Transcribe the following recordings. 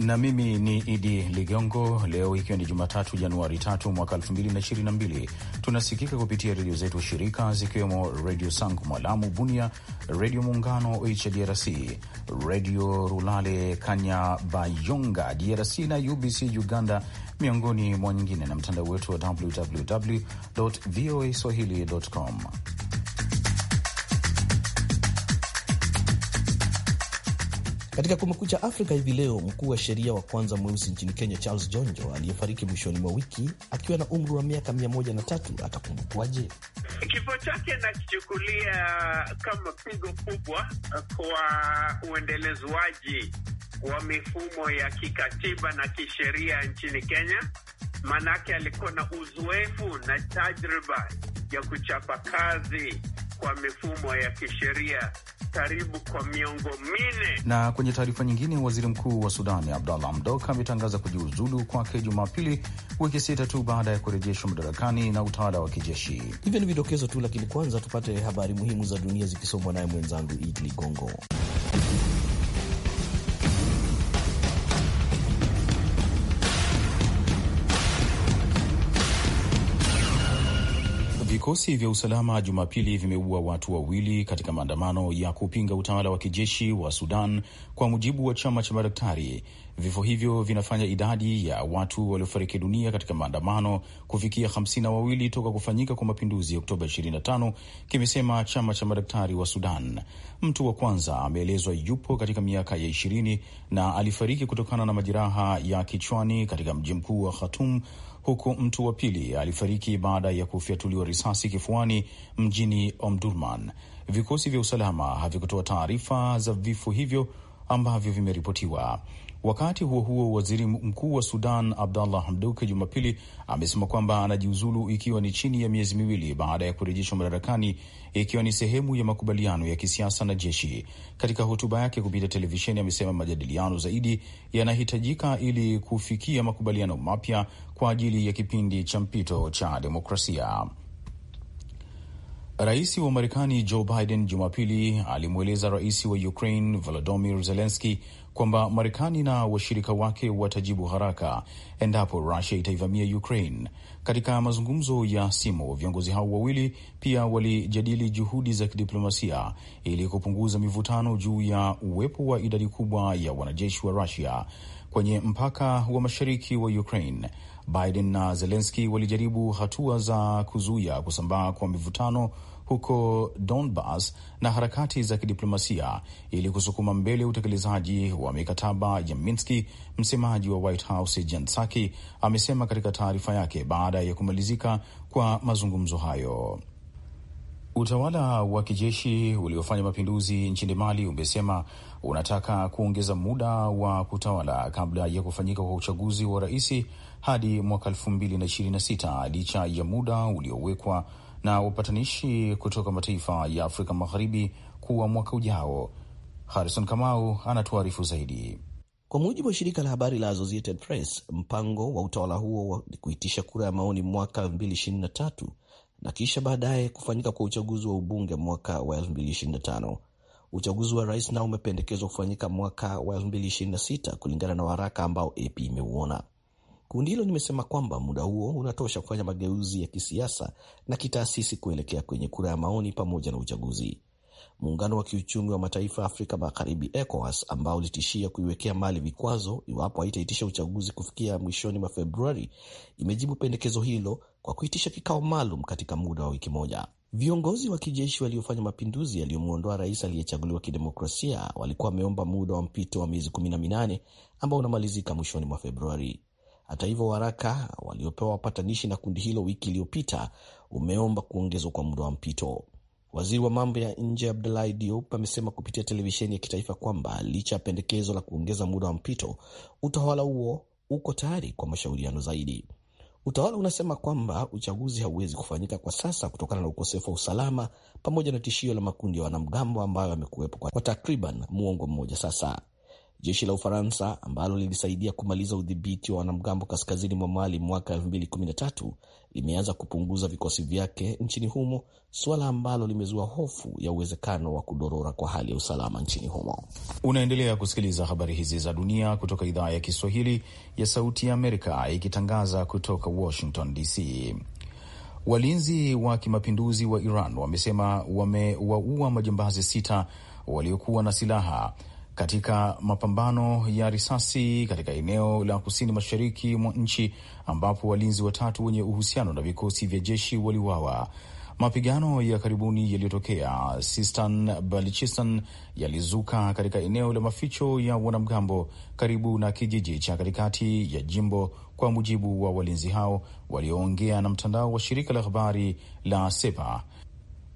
na mimi ni Idi Ligongo. Leo ikiwa ni Jumatatu, Januari tatu mwaka elfu mbili na ishirini na mbili, tunasikika kupitia redio zetu shirika zikiwemo Redio Sango mwalamu Bunia, Redio Muungano drc Redio Rulale Kanya Bayonga DRC na UBC Uganda, miongoni mwa nyingine, na mtandao wetu wa www voa swahili com. Katika Kumekucha Afrika hivi leo, mkuu wa sheria wa kwanza mweusi nchini Kenya Charles Jonjo aliyefariki mwishoni mwa wiki akiwa na umri wa miaka mia moja na tatu atakumbukwaje? Kifo chake nakichukulia kama pigo kubwa kwa uendelezwaji wa mifumo ya kikatiba na kisheria nchini Kenya. Maanake alikuwa na uzoefu na tajriba ya kuchapa kazi kwa mifumo ya kisheria karibu kwa miongo minne. Na kwenye taarifa nyingine, waziri mkuu wa Sudani Abdallah Hamdok ametangaza kujiuzulu kwake Jumapili, wiki sita tu baada ya kurejeshwa madarakani na utawala wa kijeshi. Hivyo ni vidokezo tu, lakini kwanza tupate habari muhimu za dunia zikisomwa naye mwenzangu Idi Ligongo. Vikosi vya usalama Jumapili vimeua watu wawili katika maandamano ya kupinga utawala wa kijeshi wa Sudan, kwa mujibu wa chama cha madaktari. Vifo hivyo vinafanya idadi ya watu waliofariki dunia katika maandamano kufikia hamsini na wawili toka kufanyika kwa mapinduzi ya Oktoba 25, kimesema chama cha madaktari wa Sudan. Mtu wa kwanza ameelezwa yupo katika miaka ya ishirini na alifariki kutokana na majeraha ya kichwani katika mji mkuu wa Khartoum huku mtu wa pili alifariki baada ya kufyatuliwa risasi kifuani mjini Omdurman. Vikosi vya usalama havikutoa taarifa za vifo hivyo ambavyo vimeripotiwa. Wakati huo huo, waziri mkuu wa Sudan Abdallah Hamduk Jumapili amesema kwamba anajiuzulu ikiwa ni chini ya miezi miwili baada ya kurejeshwa madarakani, ikiwa ni sehemu ya makubaliano ya kisiasa na jeshi. Katika hotuba yake kupitia televisheni, amesema majadiliano zaidi yanahitajika ili kufikia makubaliano mapya kwa ajili ya kipindi cha mpito cha demokrasia. Rais wa Marekani Joe Biden Jumapili alimweleza rais wa Ukraine Volodymyr Zelenski kwamba Marekani na washirika wake watajibu haraka endapo Rusia itaivamia Ukraine. Katika mazungumzo ya simu, viongozi hao wawili pia walijadili juhudi za kidiplomasia ili kupunguza mivutano juu ya uwepo wa idadi kubwa ya wanajeshi wa Rusia kwenye mpaka wa mashariki wa Ukraine. Biden na Zelenski walijaribu hatua za kuzuia kusambaa kwa mivutano huko Donbas na harakati za kidiplomasia ili kusukuma mbele utekelezaji wa mikataba ya Minski. Msemaji wa White House Jen Psaki amesema katika taarifa yake baada ya kumalizika kwa mazungumzo hayo. Utawala wa kijeshi uliofanya mapinduzi nchini Mali umesema unataka kuongeza muda wa kutawala kabla ya kufanyika kwa uchaguzi wa rais hadi mwaka elfu mbili na ishirini na sita licha ya muda uliowekwa na wapatanishi kutoka mataifa ya Afrika Magharibi kuwa mwaka ujao. Harison Kamau anatuarifu zaidi. Kwa mujibu wa shirika la habari la Associated Press, mpango wa utawala huo wa kuitisha kura ya maoni mwaka na kisha baadaye kufanyika kwa uchaguzi wa ubunge mwaka wa 2025. Uchaguzi wa rais nao umependekezwa kufanyika mwaka wa 2026 kulingana na waraka ambao AP imeuona. Kundi hilo limesema kwamba muda huo unatosha kufanya mageuzi ya kisiasa na kitaasisi kuelekea kwenye kura ya maoni pamoja na uchaguzi. Muungano wa Kiuchumi wa Mataifa ya Afrika Magharibi, ECOWAS, ambao ulitishia kuiwekea Mali vikwazo iwapo haitaitisha uchaguzi kufikia mwishoni mwa Februari, imejibu pendekezo hilo kwa kuitisha kikao maalum katika muda wa wiki moja. Viongozi wa kijeshi waliofanya mapinduzi yaliyomwondoa rais aliyechaguliwa kidemokrasia walikuwa wameomba muda wa mpito wa miezi kumi na minane ambao unamalizika mwishoni mwa Februari. Hata hivyo, waraka waliopewa wapatanishi na kundi hilo wiki iliyopita umeomba kuongezwa kwa muda wa mpito. Waziri wa mambo ya nje abdulahi Diop amesema kupitia televisheni ya kitaifa kwamba licha ya pendekezo la kuongeza muda wa mpito, utawala huo uko tayari kwa mashauriano zaidi. Utawala unasema kwamba uchaguzi hauwezi kufanyika kwa sasa kutokana na ukosefu wa usalama pamoja na tishio la makundi ya wanamgambo ambayo yamekuwepo kwa takriban muongo mmoja sasa. Jeshi la Ufaransa ambalo lilisaidia kumaliza udhibiti wa wanamgambo kaskazini mwa Mali mwaka 2013 limeanza kupunguza vikosi vyake nchini humo, suala ambalo limezua hofu ya uwezekano wa kudorora kwa hali ya usalama nchini humo. Unaendelea kusikiliza habari hizi za dunia kutoka idhaa ya Kiswahili ya Sauti ya Amerika ikitangaza kutoka Washington DC. Walinzi wa kimapinduzi wa Iran wamesema wamewaua majambazi sita waliokuwa na silaha katika mapambano ya risasi katika eneo la kusini mashariki mwa nchi ambapo walinzi watatu wenye uhusiano na vikosi vya jeshi waliuawa. Mapigano ya karibuni yaliyotokea Sistan Balichistan yalizuka katika eneo la maficho ya wanamgambo karibu na kijiji cha katikati ya jimbo, kwa mujibu wa walinzi hao walioongea na mtandao wa shirika la habari la Sepa.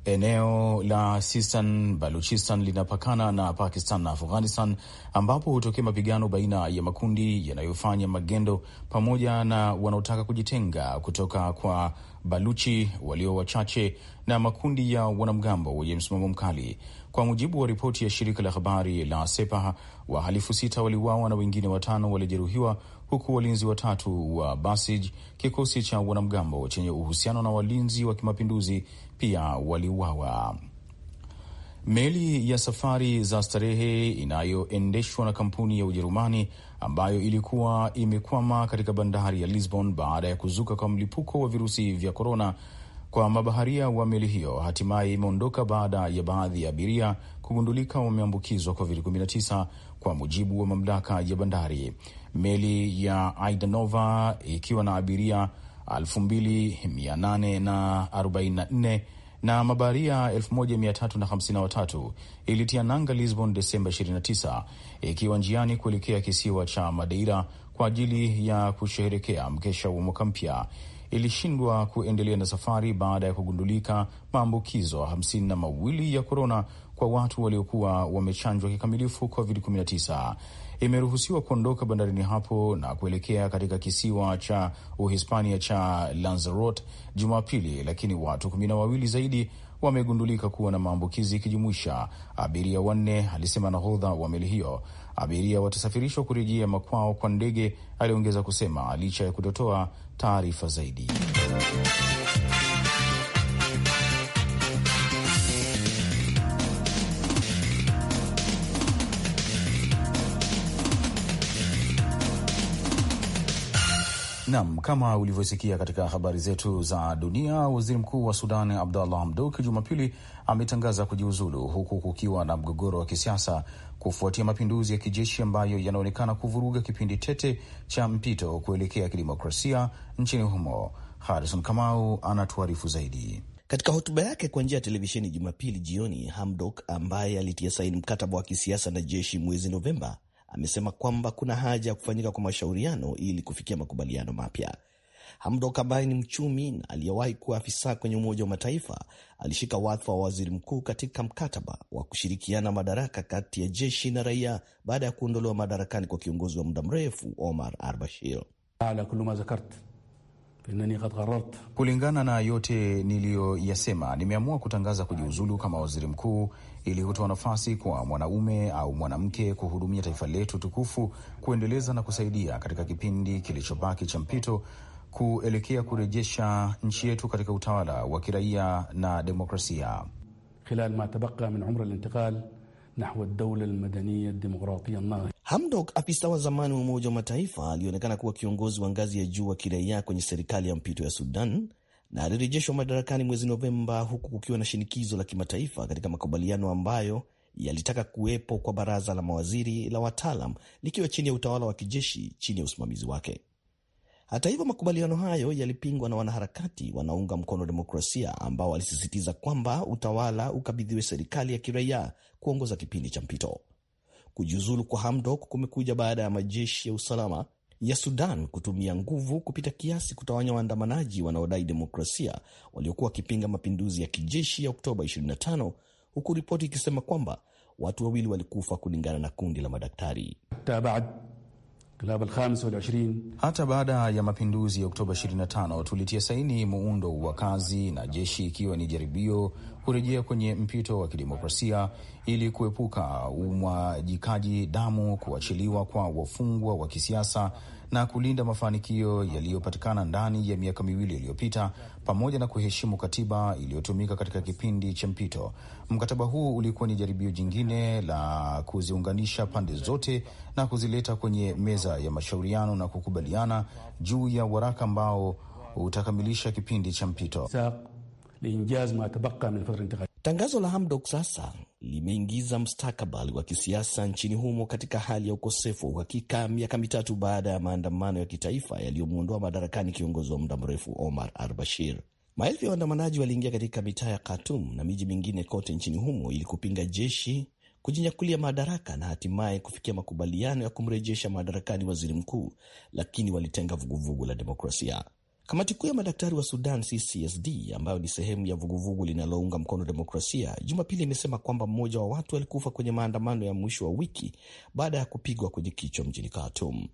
Eneo la Sistan Baluchistan linapakana na Pakistan na Afghanistan, ambapo hutokea mapigano baina ya makundi yanayofanya magendo pamoja na wanaotaka kujitenga kutoka kwa Baluchi walio wachache na makundi ya wanamgambo wenye msimamo mkali. Kwa mujibu wa ripoti ya shirika la habari la Sepa, wahalifu sita waliuawa na wengine watano walijeruhiwa, huku walinzi watatu wa Basij, kikosi cha wanamgambo chenye uhusiano na walinzi wa kimapinduzi, pia waliuawa. Meli ya safari za starehe inayoendeshwa na kampuni ya Ujerumani ambayo ilikuwa imekwama katika bandari ya Lisbon baada ya kuzuka kwa mlipuko wa virusi vya korona kwa mabaharia wa meli hiyo hatimaye imeondoka baada ya baadhi ya abiria kugundulika wameambukizwa COVID-19 kwa mujibu wa mamlaka ya bandari. Meli ya Aidanova ikiwa na abiria 2844 na mabaharia 1353 ilitia nanga Lisbon Desemba 29 ikiwa njiani kuelekea kisiwa cha Madeira kwa ajili ya kusheherekea mkesha wa mwaka mpya ilishindwa kuendelea na safari baada ya kugundulika maambukizo hamsini na mawili ya korona kwa watu waliokuwa wamechanjwa kikamilifu COVID-19. Imeruhusiwa kuondoka bandarini hapo na kuelekea katika kisiwa cha Uhispania cha Lanzarote Jumapili, lakini watu kumi na wawili zaidi wamegundulika kuwa na maambukizi ikijumuisha abiria wanne, alisema nahodha wa meli hiyo abiria watasafirishwa kurejea makwao kwa ndege, aliongeza kusema licha ya kutotoa taarifa zaidi. Nam, kama ulivyosikia katika habari zetu za dunia, waziri mkuu wa Sudan Abdallah Hamdok Jumapili ametangaza kujiuzulu huku kukiwa na mgogoro wa kisiasa kufuatia mapinduzi ya kijeshi ambayo yanaonekana kuvuruga kipindi tete cha mpito kuelekea kidemokrasia nchini humo. Harison Kamau anatuarifu zaidi. Katika hotuba yake kwa njia ya televisheni Jumapili jioni, Hamdok ambaye alitia saini mkataba wa kisiasa na jeshi mwezi Novemba amesema kwamba kuna haja ya kufanyika kwa mashauriano ili kufikia makubaliano mapya. Hamdok ambaye ni mchumi na aliyewahi kuwa afisa kwenye Umoja wa Mataifa alishika wadhifa wa waziri mkuu katika mkataba wa kushirikiana madaraka kati ya jeshi na raia baada ya kuondolewa madarakani kwa kiongozi wa muda mrefu Omar Arbashir. Kulingana na yote niliyoyasema, nimeamua kutangaza kujiuzulu kama waziri mkuu ili kutoa nafasi kwa mwanaume au mwanamke kuhudumia taifa letu tukufu, kuendeleza na kusaidia katika kipindi kilichobaki cha mpito kuelekea kurejesha nchi yetu katika utawala wa kiraia na demokrasia. khilal ma tabaqa min umr al-intiqal nahwa ad-dawla al-madaniya ad-demokratiya an-nahdha. Hamdok, afisa wa zamani wa Umoja wa Mataifa, alionekana kuwa kiongozi wa ngazi ya juu wa kiraia kwenye serikali ya mpito ya Sudan na alirejeshwa madarakani mwezi Novemba, huku kukiwa na shinikizo la kimataifa katika makubaliano ambayo yalitaka kuwepo kwa baraza la mawaziri la wataalam likiwa chini ya utawala wa kijeshi chini ya usimamizi wake. Hata hivyo, makubaliano hayo yalipingwa na wanaharakati wanaunga mkono demokrasia ambao walisisitiza kwamba utawala ukabidhiwe serikali ya kiraia kuongoza kipindi cha mpito. Kujiuzulu kwa Hamdok kumekuja baada ya majeshi ya usalama ya Sudan kutumia nguvu kupita kiasi kutawanya waandamanaji wanaodai demokrasia waliokuwa wakipinga mapinduzi ya kijeshi ya Oktoba 25 huku ripoti ikisema kwamba watu wawili walikufa kulingana na kundi la madaktari. Hata baada ya mapinduzi ya Oktoba 25 tulitia saini muundo wa kazi na jeshi, ikiwa ni jaribio kurejea kwenye mpito wa kidemokrasia ili kuepuka umwajikaji damu, kuachiliwa kwa wafungwa wa kisiasa na kulinda mafanikio yaliyopatikana ndani ya miaka miwili iliyopita pamoja na kuheshimu katiba iliyotumika katika kipindi cha mpito. Mkataba huu ulikuwa ni jaribio jingine la kuziunganisha pande zote na kuzileta kwenye meza ya mashauriano na kukubaliana juu ya waraka ambao utakamilisha kipindi cha mpito liinjazi ma min alfatra intikhabi. Tangazo la Hamdok sasa limeingiza mstakabali wa kisiasa nchini humo katika hali ya ukosefu wa uhakika, miaka mitatu baada ya maandamano ya kitaifa yaliyomwondoa madarakani kiongozi wa muda mrefu Omar al-Bashir. Maelfu ya waandamanaji waliingia katika mitaa ya Khartoum na miji mingine kote nchini humo ili kupinga jeshi kujinyakulia madaraka na hatimaye kufikia makubaliano ya kumrejesha madarakani waziri mkuu, lakini walitenga vuguvugu la demokrasia. Kamati kuu ya madaktari wa Sudan CCSD ambayo ni sehemu ya vuguvugu linalounga mkono demokrasia Jumapili imesema kwamba mmoja wa watu alikufa kwenye maandamano ya mwisho wa wiki baada ya kupigwa kwenye kichwa mjini Khartoum.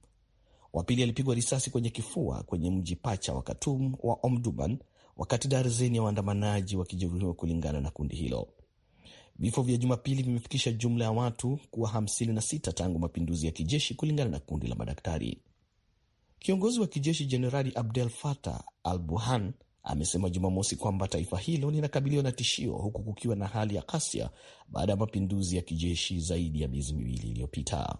Wapili alipigwa risasi kwenye kifua kwenye mji pacha wa Khartoum wa Omdurman, wakati darzeni ya waandamanaji wakijeruhiwa kulingana na kundi hilo. Vifo vya Jumapili vimefikisha jumla ya watu kuwa 56 tangu mapinduzi ya kijeshi kulingana na kundi la madaktari. Kiongozi wa kijeshi Jenerali Abdel Fattah al-Burhan amesema Jumamosi kwamba taifa hilo linakabiliwa na tishio huku kukiwa na hali ya ghasia baada ya mapinduzi ya kijeshi zaidi ya miezi miwili iliyopita.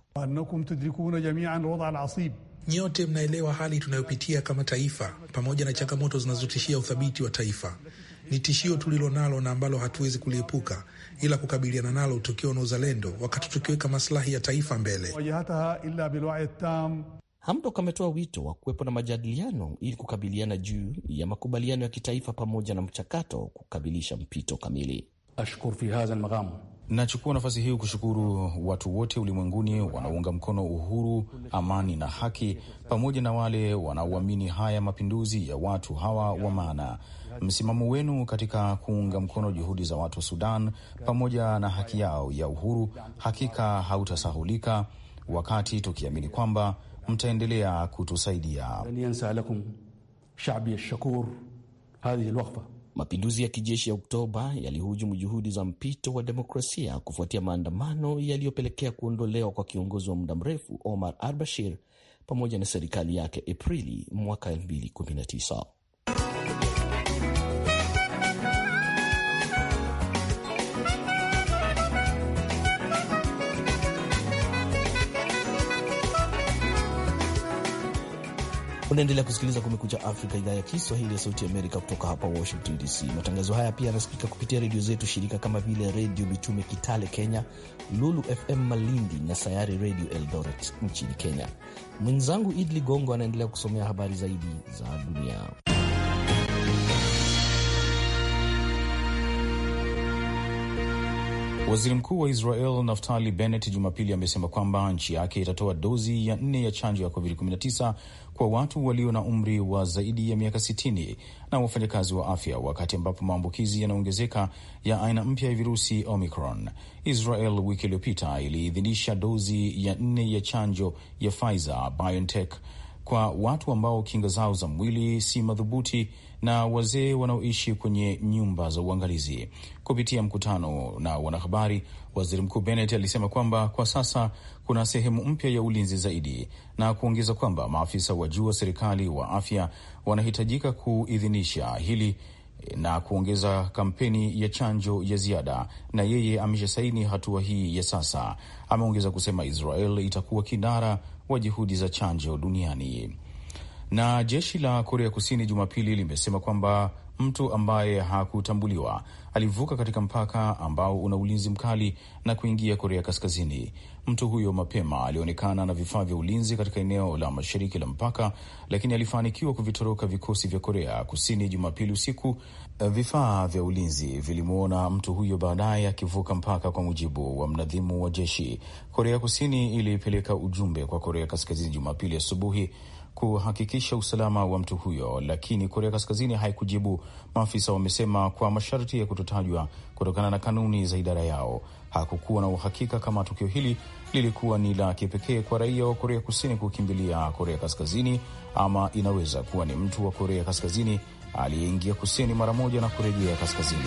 Nyote mnaelewa hali tunayopitia kama taifa, pamoja na changamoto zinazotishia uthabiti wa taifa. Ni tishio tulilo nalo na ambalo hatuwezi kuliepuka, ila kukabiliana nalo tukiwa na uzalendo, wakati tukiweka maslahi ya taifa mbele. Hamdok ametoa wito wa kuwepo na majadiliano ili kukabiliana juu ya makubaliano ya kitaifa pamoja na mchakato kukabilisha mpito kamili. Nachukua nafasi hii kushukuru watu wote ulimwenguni wanaounga mkono uhuru, amani na haki, pamoja na wale wanaoamini haya mapinduzi ya watu hawa wa maana. Msimamo wenu katika kuunga mkono juhudi za watu wa Sudan pamoja na haki yao ya uhuru hakika hautasahulika, wakati tukiamini kwamba mtaendelea kutusaidia. Mapinduzi ya kijeshi ya Oktoba yalihujumu juhudi za mpito wa demokrasia kufuatia maandamano yaliyopelekea kuondolewa kwa kiongozi wa muda mrefu Omar al-Bashir pamoja na serikali yake Aprili mwaka 2019. Unaendelea kusikiliza Kumekucha Afrika, idhaa ya Kiswahili ya Sauti Amerika kutoka hapa Washington DC. Matangazo haya pia yanasikika kupitia redio zetu shirika kama vile Redio Mitume Kitale Kenya, Lulu FM Malindi na Sayari Redio Eldoret nchini Kenya. Mwenzangu Idli Gongo anaendelea kusomea habari zaidi za dunia. Waziri mkuu wa Israel Naftali Bennett Jumapili amesema kwamba nchi yake itatoa dozi ya nne ya chanjo ya COVID-19 kwa watu walio na umri wa zaidi ya miaka 60 na wafanyakazi wa afya, wakati ambapo maambukizi yanaongezeka ya aina mpya ya virusi Omicron. Israel wiki iliyopita iliidhinisha dozi ya nne ya chanjo ya Pfizer BioNTech kwa watu ambao kinga zao za mwili si madhubuti na wazee wanaoishi kwenye nyumba za uangalizi. Kupitia mkutano na wanahabari, waziri mkuu Bennett alisema kwamba kwa sasa kuna sehemu mpya ya ulinzi zaidi, na kuongeza kwamba maafisa wa juu wa serikali wa afya wanahitajika kuidhinisha hili na kuongeza kampeni ya chanjo ya ziada, na yeye ameshasaini hatua hii ya sasa. Ameongeza kusema Israel itakuwa kinara wa juhudi za chanjo duniani. Na jeshi la Korea Kusini Jumapili limesema kwamba mtu ambaye hakutambuliwa alivuka katika mpaka ambao una ulinzi mkali na kuingia Korea Kaskazini. Mtu huyo mapema alionekana na vifaa vya ulinzi katika eneo la mashariki la mpaka, lakini alifanikiwa kuvitoroka vikosi vya Korea Kusini Jumapili usiku. Vifaa vya ulinzi vilimwona mtu huyo baadaye akivuka mpaka, kwa mujibu wa mnadhimu wa jeshi. Korea Kusini ilipeleka ujumbe kwa Korea Kaskazini Jumapili asubuhi kuhakikisha usalama wa mtu huyo, lakini Korea Kaskazini haikujibu. Maafisa wamesema kwa masharti ya kutotajwa kutokana na kanuni za idara yao. Hakukuwa na uhakika kama tukio hili lilikuwa ni la kipekee kwa raia wa Korea Kusini kukimbilia Korea Kaskazini ama inaweza kuwa ni mtu wa Korea Kaskazini aliyeingia kusini mara moja na kurejea kaskazini.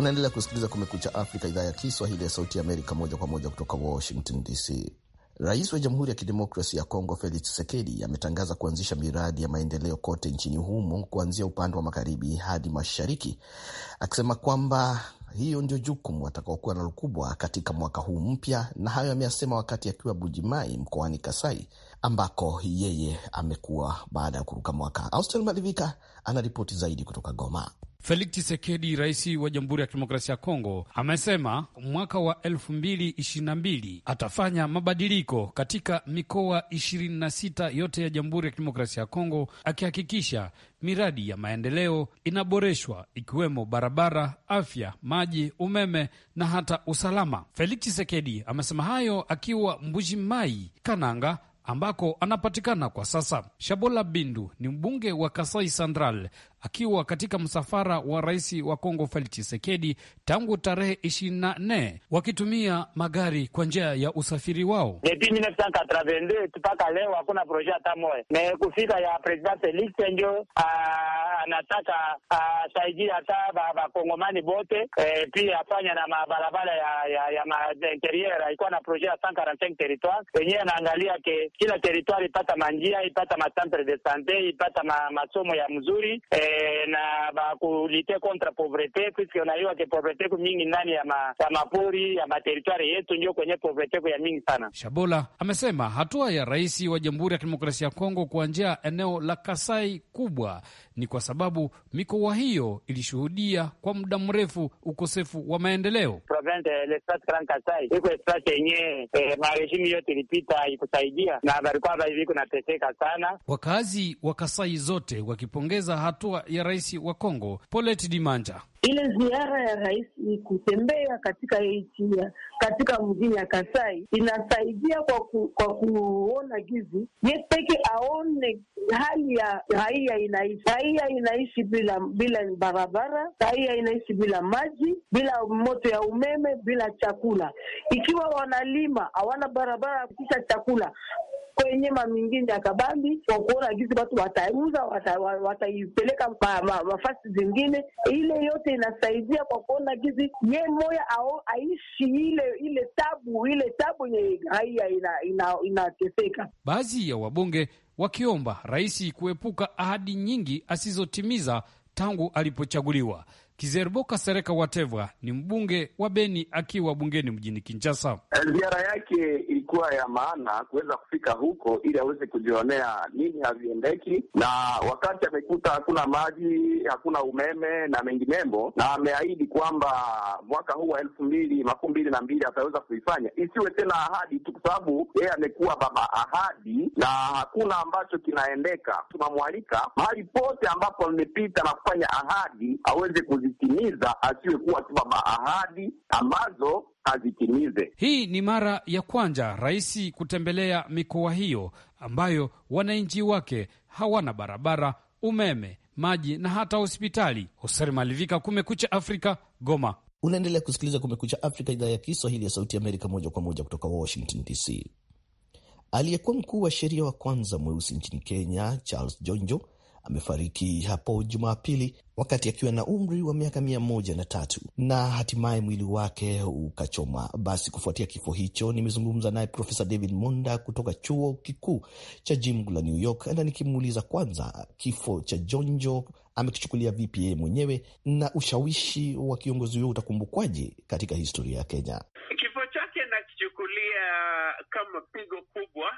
Unaendelea kusikiliza Kumekucha Afrika, idhaa ya Kiswahili ya Sauti ya Amerika, moja kwa moja kutoka Washington DC. Rais wa Jamhuri ya Kidemokrasi ya Kongo Felix Tshisekedi ametangaza kuanzisha miradi ya maendeleo kote nchini humo kuanzia upande wa magharibi hadi mashariki, akisema kwamba hiyo ndio jukumu atakaokuwa nalo kubwa katika mwaka huu mpya, na hayo ameyasema wakati akiwa Bujimai mkoani Kasai ambako yeye amekuwa baada ya kuruka mwaka. Austel Malivika anaripoti zaidi kutoka Goma. Felix Tshisekedi, rais wa Jamhuri ya Kidemokrasia ya Kongo, amesema mwaka wa elfu atafanya mabadiliko katika mikoa 26 yote ya Jamhuri ya Kidemokrasia ya Kongo, akihakikisha miradi ya maendeleo inaboreshwa ikiwemo barabara, afya, maji, umeme na hata usalama. Felix Tshisekedi amesema hayo akiwa mbuji Mai, Kananga ambako anapatikana kwa sasa. Shabola Bindu ni mbunge wa Kasai Central akiwa katika msafara wa rais wa Kongo Felix Tshisekedi tangu tarehe ishirini na nne wakitumia magari kwa njia ya usafiri wao mpaka leo hakuna proje hata moya me kufika ya president Felix ndio ah, anataka asaidia ah, hata bakongomani bote e, eh, pia afanya na mabarabara ya ya, ya mainterieur aikuwa na proje ya 145 territoire wenyewe anaangalia ke kila territoire ipata manjia ipata macentre de sante ipata masomo ya mzuri e, Eh, na bakulite kontra povrete, puisque unajua ke ku mingi ndani ya, ma, ya mapori ya materitware yetu ndio kwenye ku ya mingi sana. Shabola amesema hatua ya rais wa Jamhuri ya Kidemokrasia ya Kongo kuanzia eneo la Kasai kubwa ni kwa sababu mikoa hiyo ilishuhudia kwa muda mrefu ukosefu wa maendeleo. Eh, iko strate yenyewe eh, marehemu yote ilipita ikusaidia na balikuwa hivi kunateseka sana. Wakazi wa Kasai zote wakipongeza hatua ya rais wa Kongo Polet Dimanja, ile ziara ya rais kutembea katika hii njia katika mjini ya Kasai inasaidia kwa, ku, kwa kuona gizi ye aone hali ya raia inaishi, raia inaishi bila bila barabara, raia inaishi bila maji, bila moto ya umeme, bila chakula. Ikiwa wanalima hawana barabara kisha chakula kwenyema mingine akabambi kwa kuona gizi watu watauza wataipeleka wata ma, ma, mafasi zingine. Ile yote inasaidia kwa kuona gizi ye moya ao, aishi ile ile tabu ile tabu ye haiya inateseka ina, ina baadhi ya wabunge wakiomba rais kuepuka ahadi nyingi asizotimiza tangu alipochaguliwa. Kizerboka Sereka Watevwa ni mbunge wa Beni akiwa bungeni mjini Kinshasa. Eh, ziara yake ilikuwa ya maana kuweza kufika huko ili aweze kujionea nini haviendeki, na wakati amekuta hakuna maji, hakuna umeme na menginembo, na ameahidi kwamba mwaka huu wa elfu mbili makumi mbili na mbili ataweza kuifanya isiwe tena ahadi tu, kwa sababu yeye amekuwa baba ahadi na hakuna ambacho kinaendeka. Tunamwalika mahali pote ambapo amepita na kufanya ahadi aweze kuzi kuzitimiza, asiwe kuwa tu ahadi ambazo hazitimize. Hii ni mara ya kwanza rais kutembelea mikoa hiyo ambayo wananchi wake hawana barabara, umeme, maji na hata hospitali. Hoser Malivika, Kumekucha Afrika, Goma. Unaendelea kusikiliza Kumekucha Afrika, idhaa ya Kiswahili ya Sauti Amerika, moja kwa moja kutoka Washington DC. Aliyekuwa mkuu wa sheria wa kwanza mweusi nchini Kenya, Charles Jonjo amefariki hapo Jumapili wakati akiwa na umri wa miaka mia moja na tatu na hatimaye mwili wake ukachoma. Basi kufuatia kifo hicho, nimezungumza naye Profesa David Monda kutoka chuo kikuu cha jimbo la New York, na nikimuuliza kwanza kifo cha Jonjo amekichukulia vipi yeye mwenyewe na ushawishi wa kiongozi huyo utakumbukwaje katika historia ya Kenya. Kifo chake nakichukulia kama pigo kubwa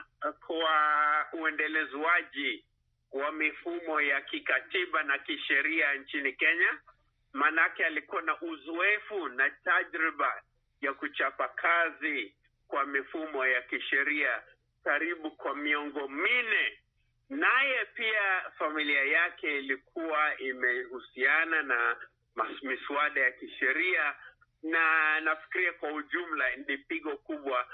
kwa uendelezwaji wa mifumo ya kikatiba na kisheria nchini Kenya, maanake alikuwa na uzoefu na tajriba ya kuchapa kazi kwa mifumo ya kisheria karibu kwa miongo minne. Naye pia familia yake ilikuwa imehusiana na miswada ya kisheria, na nafikiria kwa ujumla ni pigo kubwa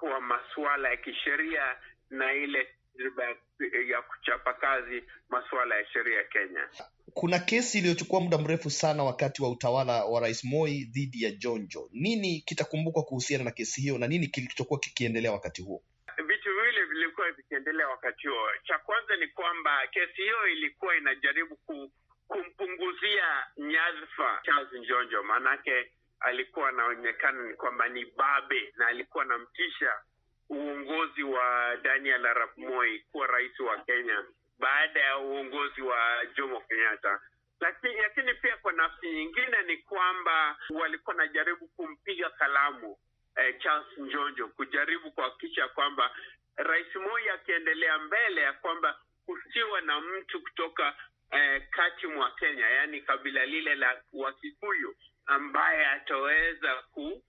kwa masuala ya kisheria na ile tajriba ya kuchapa kazi masuala ya sheria Kenya. Kuna kesi iliyochukua muda mrefu sana wakati wa utawala wa Rais Moi dhidi ya Jonjo. Nini kitakumbukwa kuhusiana na kesi hiyo na nini kilichokuwa kikiendelea wakati huo? Vitu viwili vilikuwa vikiendelea wakati huo. Cha kwanza ni kwamba kesi hiyo ilikuwa inajaribu ku, kumpunguzia nyadhifa Charles Njonjo, maanake alikuwa anaonekana ni kwamba ni babe na alikuwa anamtisha uongozi wa Daniel Arap Moi kuwa rais wa Kenya baada ya uongozi wa Jomo Kenyatta. Lakini, lakini pia kwa nafsi nyingine ni kwamba walikuwa najaribu kumpiga kalamu eh, Charles Njonjo kujaribu kuhakikisha kwamba rais Moi akiendelea mbele ya kwamba kusiwa na mtu kutoka eh, kati mwa Kenya, yaani kabila lile la Wakikuyu ambaye ataweza ku,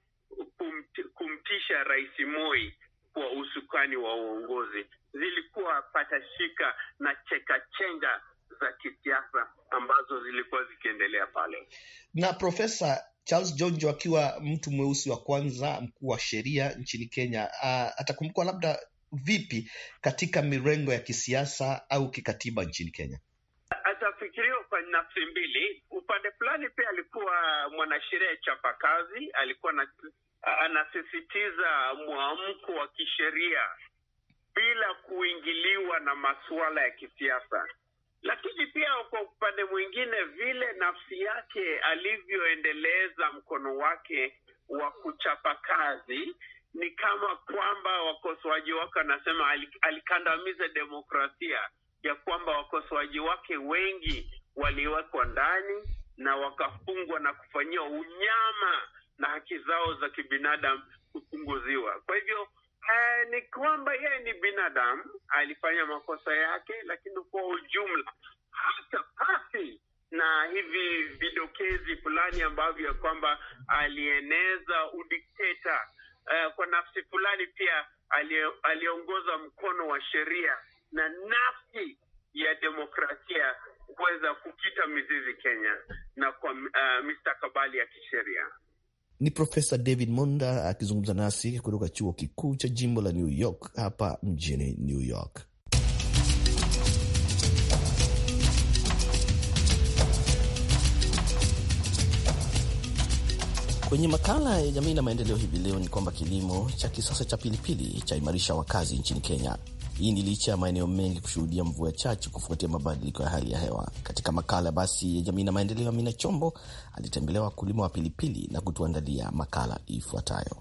kumtisha rais Moi wa usukani wa uongozi, zilikuwa patashika na chekachenga za kisiasa ambazo zilikuwa zikiendelea pale. Na Profesa Charles Jonjo akiwa mtu mweusi wa kwanza mkuu wa sheria nchini Kenya, uh, atakumbukwa labda vipi katika mirengo ya kisiasa au kikatiba nchini Kenya? Atafikiriwa kwa nafsi mbili. Upande fulani pia alikuwa mwanasheria chapakazi, alikuwa na anasisitiza mwamko wa kisheria bila kuingiliwa na masuala ya kisiasa. Lakini pia kwa upande mwingine, vile nafsi yake alivyoendeleza mkono wake wa kuchapa kazi, ni kama kwamba wakosoaji wake wanasema alikandamiza demokrasia, ya kwamba wakosoaji wake wengi waliwekwa ndani na wakafungwa na kufanyiwa unyama na haki zao za kibinadamu kupunguziwa. Kwa hivyo eh, ni kwamba yeye ni binadamu, alifanya makosa yake, lakini kwa ujumla hata pasi na hivi vidokezi fulani ambavyo ya kwamba alieneza udikteta eh, kwa nafsi fulani pia aliongoza mkono wa sheria na nafsi ya demokrasia kuweza kukita mizizi Kenya na kwa uh, mistakabali ya kisheria. Ni Profesa David Monda akizungumza nasi kutoka chuo kikuu cha jimbo la New York hapa mjini New York. Kwenye makala ya jamii na maendeleo hivi leo ni kwamba kilimo cha kisasa cha pilipili chaimarisha wakazi nchini Kenya. Hii ni licha ya maeneo mengi kushuhudia mvua chache kufuatia mabadiliko ya hali ya hewa. Katika makala basi ya jamii na maendeleo, Amina Chombo alitembelea wakulima wa pilipili na kutuandalia makala ifuatayo.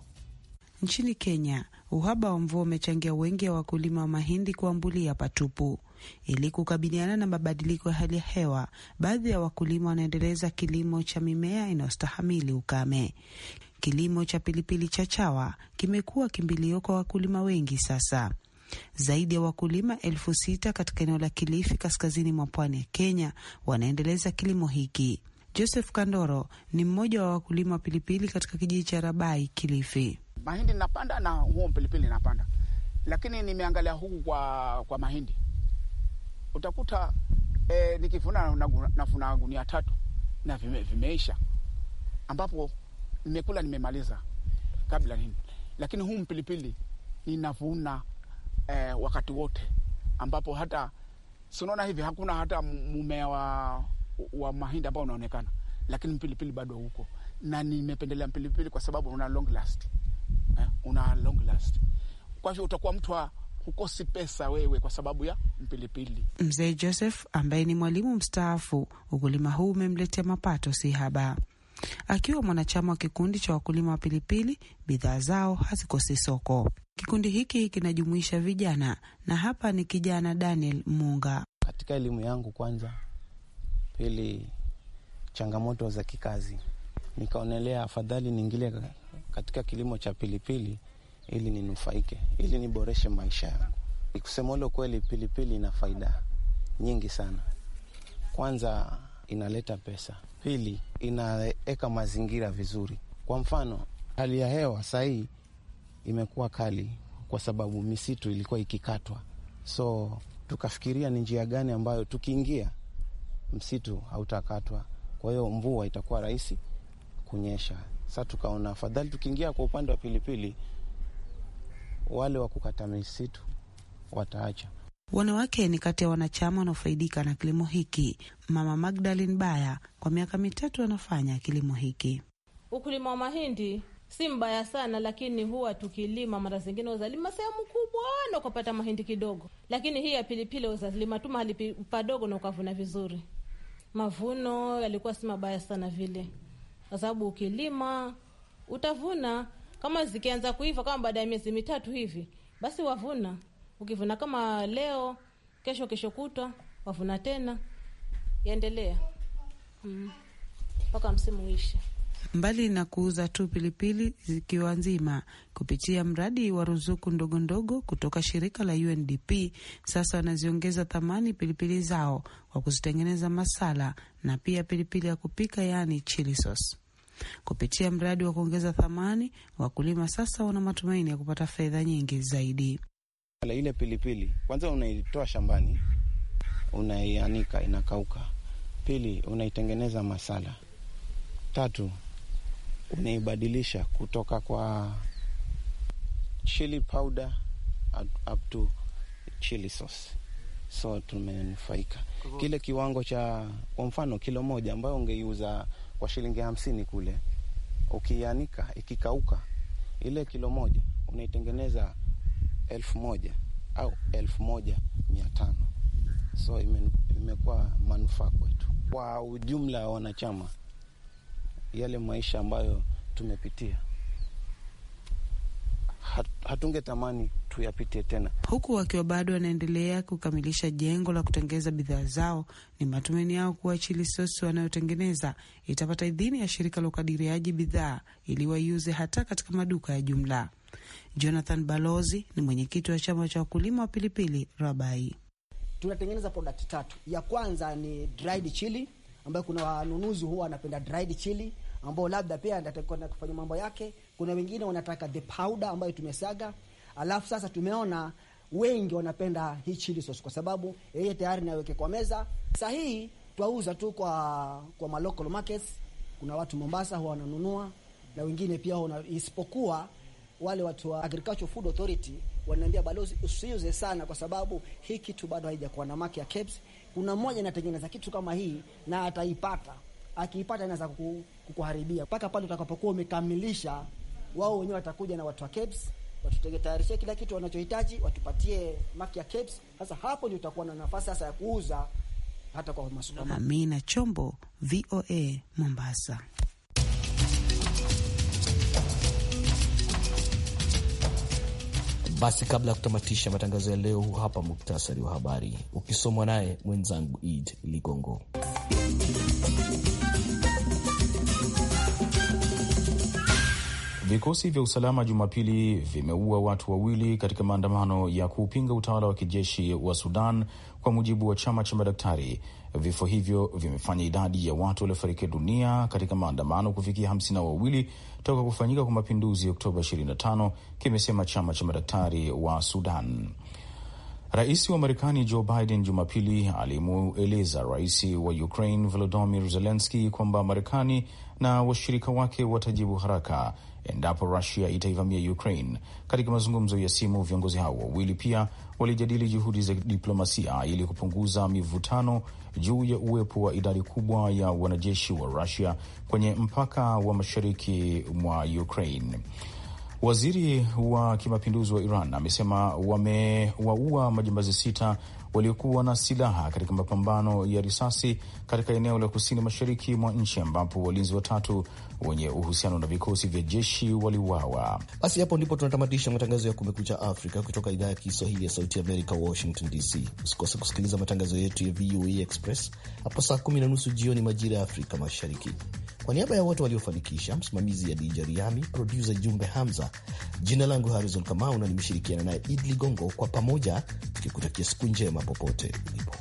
Nchini Kenya, uhaba wa mvua umechangia wengi wa wakulima wa mahindi kuambulia patupu. Ili kukabiliana na mabadiliko ya hali ya hewa, baadhi ya wakulima wanaendeleza kilimo cha mimea inayostahamili ukame. Kilimo cha pilipili cha chawa kimekuwa kimbilio kwa wakulima wengi sasa. Zaidi ya wakulima elfu sita katika eneo la Kilifi kaskazini mwa pwani ya Kenya wanaendeleza kilimo hiki. Joseph Kandoro ni mmoja wa wakulima wa pilipili katika kijiji cha Rabai, Kilifi. Mahindi napanda na huo pilipili napanda, lakini nimeangalia huku kwa, kwa mahindi utakuta e, nikivuna nafuna gunia tatu na vime, vimeisha ambapo nimekula nimemaliza kabla nini, lakini huu mpilipili ninavuna eh, wakati wote ambapo hata sinaona hivi hakuna hata mmea wa, wa mahindi ambao unaonekana, lakini mpilipili bado huko, na nimependelea mpilipili kwa sababu una long last eh, una long last. Kwa hivyo utakuwa mtu wa hukosi pesa wewe kwa sababu ya mpilipili. Mzee Joseph ambaye ni mwalimu mstaafu, ukulima huu umemletea mapato si haba. Akiwa mwanachama wa kikundi cha wakulima wa pilipili, bidhaa zao hazikosi soko. Kikundi hiki kinajumuisha vijana na hapa ni kijana Daniel Munga. Katika elimu yangu kwanza, pili changamoto za kikazi, nikaonelea afadhali niingilie katika kilimo cha pilipili ili ninufaike, ili niboreshe maisha yangu. ulo kweli, pilipili ina faida nyingi sana. Kwanza inaleta pesa, pili inaweka mazingira vizuri. Kwa mfano hali ya hewa sahii imekuwa kali kwa sababu misitu ilikuwa ikikatwa, so tukafikiria ni njia gani ambayo tukiingia msitu hautakatwa, kwa hiyo mvua itakuwa rahisi kunyesha. Sa tukaona afadhali tukiingia kwa upande wa pilipili, wale wa kukata misitu wataacha. Wanawake ni kati ya wanachama wanaofaidika na kilimo hiki. Mama Magdalene Baya kwa miaka mitatu anafanya kilimo hiki. Ukulima wa mahindi si mbaya sana, lakini huwa tukilima mara zingine uzalima sehemu kubwa na ukapata mahindi kidogo, lakini hii ya pilipili uzalima tu mahali padogo na ukavuna vizuri. Mavuno yalikuwa si mabaya sana vile, kwa sababu ukilima utavuna. Kama zikianza kuiva kama baada ya miezi mitatu hivi, basi wavuna. Ukivuna kama leo, kesho, kesho kutwa wavuna tena, yaendelea mm. mpaka mm, msimu uishe mbali na kuuza tu pilipili zikiwa nzima kupitia mradi wa ruzuku ndogo ndogo kutoka shirika la UNDP. Sasa wanaziongeza thamani pilipili zao kwa kuzitengeneza masala na pia pilipili ya kupika, yaani chili sauce. Kupitia mradi wa kuongeza thamani, wakulima sasa wana matumaini ya kupata fedha nyingi zaidi. Ile pilipili kwanza unaitoa shambani, unaianika inakauka. Pili, unaitengeneza masala. Tatu, unaibadilisha kutoka kwa chili powder up to chili sauce. So tumenufaika kile kiwango cha, kwa mfano kilo moja ambayo ungeiuza kwa shilingi hamsini kule, ukianika ikikauka, ile kilo moja unaitengeneza elfu moja au elfu moja mia tano. So imekuwa manufaa kwetu kwa ujumla wa wanachama yale maisha ambayo tumepitia hatungetamani tuyapitie tena. Huku wakiwa bado wanaendelea kukamilisha jengo la kutengeza bidhaa zao, ni matumaini yao kuwa chili sosi wanayotengeneza itapata idhini ya shirika la ukadiriaji bidhaa ili waiuze hata katika maduka ya jumla. Jonathan Balozi ni mwenyekiti wa chama cha wakulima wa pilipili Rabai. Tunatengeneza product tatu. Ya kwanza ni dried chili ambayo kuna wanunuzi huwa wanapenda dried chili ambao labda pia anataka kufanya mambo yake. Kuna wengine wanataka the powder ambayo tumesaga, alafu sasa tumeona wengi wanapenda hii chili sauce kwa sababu yeye tayari naweke kwa meza. Sasa hii twauza tu kwa kwa ma local markets. Kuna watu Mombasa huwa wananunua na wengine pia wana, isipokuwa wale watu wa Agriculture Food Authority wananiambia, balozi, usiuze sana kwa sababu hii kitu bado haijakuwa na maki ya KEBS. Kuna mmoja anatengeneza kitu kama hii na ataipata akiipata inaweza kukuharibia mpaka pale utakapokuwa umekamilisha. Wao wenyewe watakuja na watu wa KEBS watutayarishie kila kitu wanachohitaji, watupatie maki ya KEBS. Sasa hapo ndio utakuwa na nafasi sasa ya kuuza hata kwa masuala. Amina Chombo, VOA, Mombasa. Basi kabla ya kutamatisha matangazo ya leo, hapa muktasari wa habari ukisomwa naye mwenzangu Id Ligongo. Vikosi vya usalama Jumapili vimeua watu wawili katika maandamano ya kuupinga utawala wa kijeshi wa Sudan, kwa mujibu wa chama cha madaktari. Vifo hivyo vimefanya idadi ya watu waliofariki dunia katika maandamano kufikia hamsini na wawili toka kufanyika kwa mapinduzi Oktoba 25, kimesema chama cha madaktari wa Sudan. Rais wa Marekani Joe Biden Jumapili alimueleza rais wa Ukraine Volodymyr Zelensky kwamba Marekani na washirika wake watajibu haraka endapo Rusia itaivamia Ukraine. Katika mazungumzo ya simu, viongozi hao wawili pia walijadili juhudi za diplomasia ili kupunguza mivutano juu ya uwepo wa idadi kubwa ya wanajeshi wa Rusia kwenye mpaka wa mashariki mwa Ukraine. Waziri wa kimapinduzi wa Iran amesema wamewaua majambazi sita waliokuwa na silaha katika mapambano ya risasi katika eneo la kusini mashariki mwa nchi ambapo walinzi watatu wenye uhusiano na vikosi vya jeshi waliuawa. Basi hapo ndipo tunatamatisha matangazo ya Kumekucha Afrika kutoka idhaa ya Kiswahili ya Sauti Amerika, Washington DC. Usikose kusikiliza matangazo yetu ya VOA e Express hapo saa kumi na nusu jioni majira ya Afrika Mashariki. Kwa niaba ya wote waliofanikisha, msimamizi ya Dija Riami, produsa Jumbe Hamza, jina langu Harizon Kamau na nimeshirikiana naye Id Ligongo, kwa pamoja tukikutakia siku njema popote ulipo.